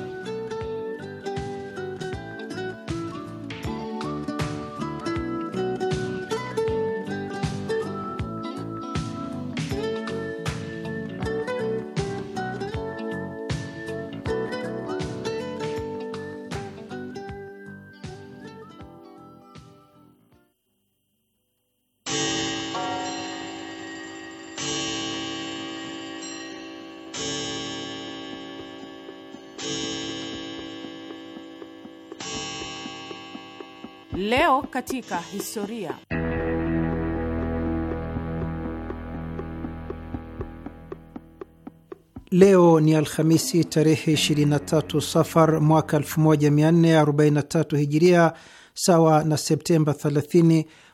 katika historia. Leo ni Alhamisi tarehe 23 Safar mwaka 1443 Hijiria, sawa na Septemba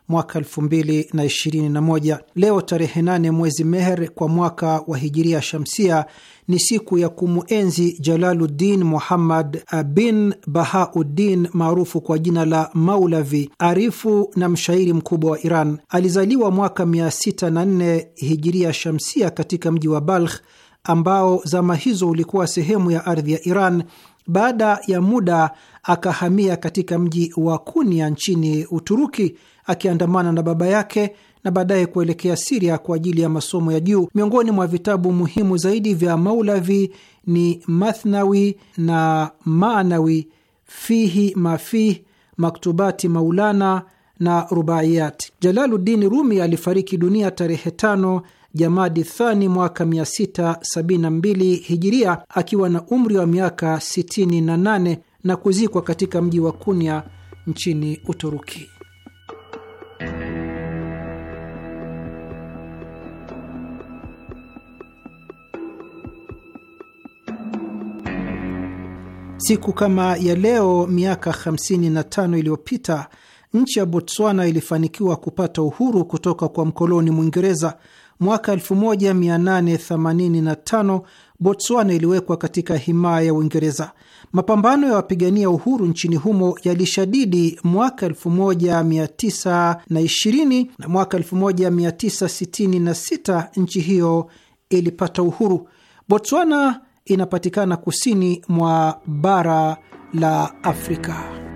mwaka 2021. Leo tarehe 8 mwezi Meher kwa mwaka wa hijiria shamsia ni siku ya kumuenzi Jalaluddin Muhammad bin Bahauddin maarufu kwa jina la Maulavi, arifu na mshairi mkubwa wa Iran. Alizaliwa mwaka 604 hijiria shamsia katika mji wa Balkh ambao zama hizo ulikuwa sehemu ya ardhi ya Iran. Baada ya muda akahamia katika mji wa Kunia nchini Uturuki akiandamana na baba yake na baadaye kuelekea Siria kwa ajili ya masomo ya juu. Miongoni mwa vitabu muhimu zaidi vya Maulavi ni Mathnawi na Maanawi, Fihi Mafih, Maktubati Maulana na Rubaiyat. Jalaluddin Rumi alifariki dunia tarehe tano Jamadi Thani mwaka 672 Hijiria akiwa na umri wa miaka 68 na kuzikwa katika mji wa Kunya nchini Uturuki. Siku kama ya leo miaka 55 iliyopita nchi ya Botswana ilifanikiwa kupata uhuru kutoka kwa mkoloni Mwingereza. Mwaka 1885 Botswana iliwekwa katika himaya ya Uingereza. Mapambano ya wapigania uhuru nchini humo yalishadidi mwaka 1920 na mwaka 1966 nchi hiyo ilipata uhuru. Botswana inapatikana kusini mwa bara la Afrika.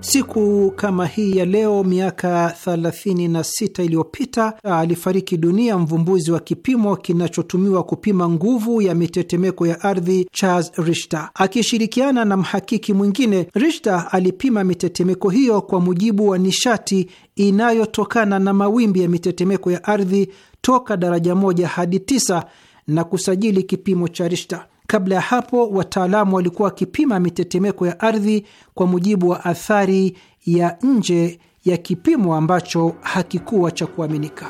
Siku kama hii ya leo miaka 36 iliyopita alifariki dunia mvumbuzi wa kipimo kinachotumiwa kupima nguvu ya mitetemeko ya ardhi Charles Richter. Akishirikiana na mhakiki mwingine, Richter alipima mitetemeko hiyo kwa mujibu wa nishati inayotokana na mawimbi ya mitetemeko ya ardhi toka daraja moja hadi tisa na kusajili kipimo cha Richter. Kabla ya hapo, wataalamu walikuwa wakipima mitetemeko ya ardhi kwa mujibu wa athari ya nje ya kipimo ambacho hakikuwa cha kuaminika.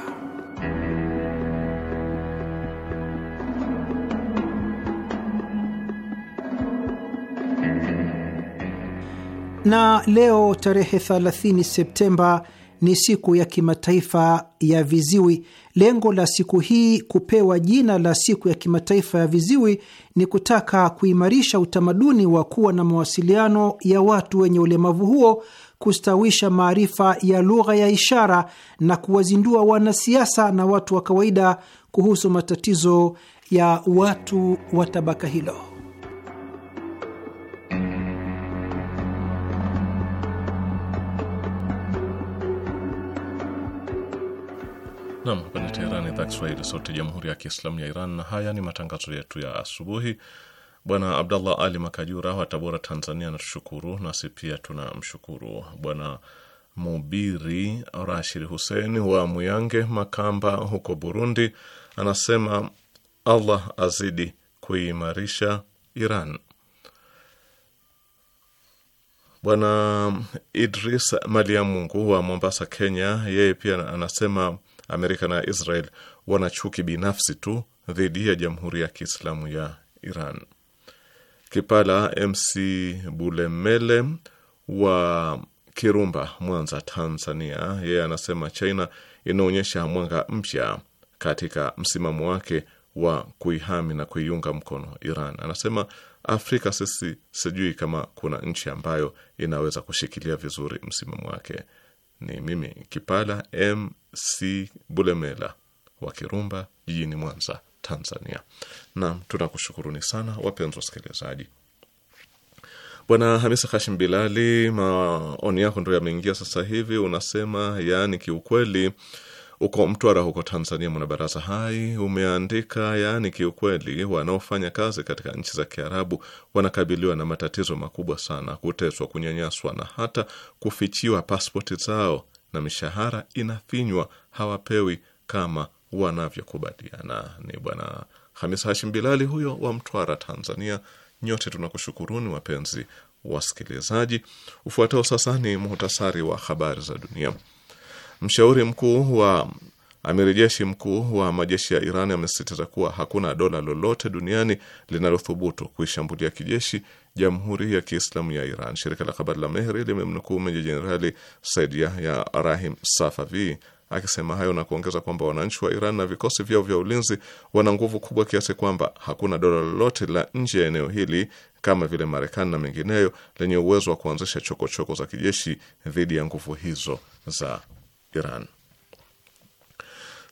Na leo tarehe 30 Septemba ni siku ya kimataifa ya viziwi. Lengo la siku hii kupewa jina la siku ya kimataifa ya viziwi ni kutaka kuimarisha utamaduni wa kuwa na mawasiliano ya watu wenye ulemavu huo, kustawisha maarifa ya lugha ya ishara na kuwazindua wanasiasa na watu wa kawaida kuhusu matatizo ya watu wa tabaka hilo. Nam, hapa ni Teherani, idhaa Kiswahili, sauti ya jamhuri ya kiislamu ya Iran, na haya ni matangazo yetu ya asubuhi. Bwana Abdallah Ali Makajura wa Tabora, Tanzania, anatushukuru, nasi pia tunamshukuru. Bwana Mubiri Rashid Hussein wa Muyange, Makamba, huko Burundi, anasema Allah azidi kuimarisha Iran. Bwana Idris Maliamungu wa Mombasa, Kenya, yeye pia anasema Amerika na Israel wana chuki binafsi tu dhidi ya Jamhuri ya Kiislamu ya Iran. Kipala MC Bulemele wa Kirumba, Mwanza, Tanzania, yeye anasema China inaonyesha mwanga mpya katika msimamo wake wa kuihami na kuiunga mkono Iran. Anasema Afrika sisi, sijui kama kuna nchi ambayo inaweza kushikilia vizuri msimamo wake. Ni mimi Kipala M C Bulemela wa Kirumba jijini Mwanza, Tanzania. Naam, tunakushukuruni sana wapenzi wasikilizaji. Bwana Hamisa Hashim Bilali, maoni yako ndo yameingia sasa hivi. Unasema yaani, kiukweli uko Mtwara huko Tanzania, mwanabaraza hai umeandika, yaani kiukweli wanaofanya kazi katika nchi za Kiarabu wanakabiliwa na matatizo makubwa sana, kuteswa, kunyanyaswa na hata kufichiwa pasipoti zao na mishahara inafinywa, hawapewi kama wanavyokubaliana. Ni Bwana Hamis Hashim Bilali huyo wa Mtwara, Tanzania. Nyote tunakushukuruni wapenzi wasikilizaji. Ufuatao sasa ni muhtasari wa habari za dunia. Mshauri mkuu wa Amiri jeshi mkuu wa majeshi ya Iran amesisitiza kuwa hakuna dola lolote duniani linalothubutu kuishambulia kijeshi jamhuri ya Kiislamu ya Iran. Shirika la habari la Mehri limemnukuu Meja Jenerali Said Yahya Rahim Safavi akisema hayo na kuongeza kwamba wananchi wa Iran na vikosi vyao vya ulinzi wana nguvu kubwa kiasi kwamba hakuna dola lolote la nje ya eneo hili kama vile Marekani na mengineyo lenye uwezo wa kuanzisha chokochoko za kijeshi dhidi ya nguvu hizo za Iran.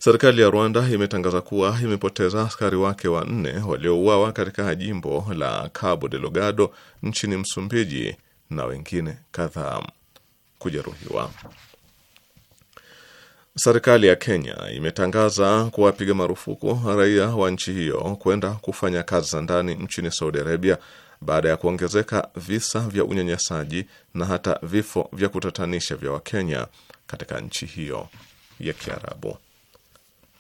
Serikali ya Rwanda imetangaza kuwa imepoteza askari wake wanne waliouawa katika jimbo la Cabo Delgado nchini Msumbiji na wengine kadhaa kujeruhiwa. Serikali ya Kenya imetangaza kuwapiga marufuku raia wa nchi hiyo kwenda kufanya kazi za ndani nchini Saudi Arabia baada ya kuongezeka visa vya unyanyasaji na hata vifo vya kutatanisha vya Wakenya katika nchi hiyo ya Kiarabu.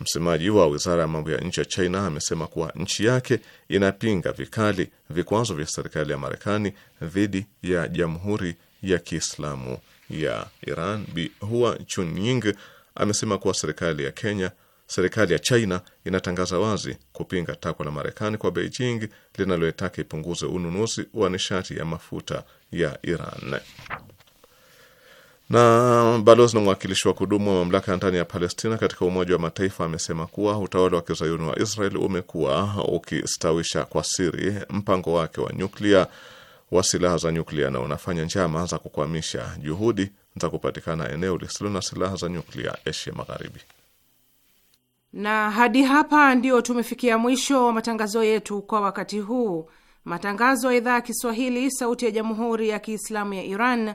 Msemaji wa wizara ya mambo ya nje ya China amesema kuwa nchi yake inapinga vikali vikwazo vya serikali ya Marekani dhidi ya jamhuri ya Kiislamu ya Iran. Bi Hua Chunying amesema kuwa serikali ya Kenya, serikali ya China inatangaza wazi kupinga takwa la Marekani kwa Beijing linaloitaka ipunguze ununuzi wa nishati ya mafuta ya Iran. Na balozi na mwakilishi wa kudumu wa mamlaka ya ndani ya Palestina katika Umoja wa Mataifa amesema kuwa utawala wa kizayuni wa Israel umekuwa ukistawisha kwa siri mpango wake wa nyuklia wa silaha za nyuklia na unafanya njama za kukwamisha juhudi za kupatikana eneo lisilo na silaha za nyuklia Asia Magharibi. Na hadi hapa ndio tumefikia mwisho wa matangazo yetu kwa wakati huu. Matangazo ya idhaa ya Kiswahili, sauti ya jamhuri ya kiislamu ya Iran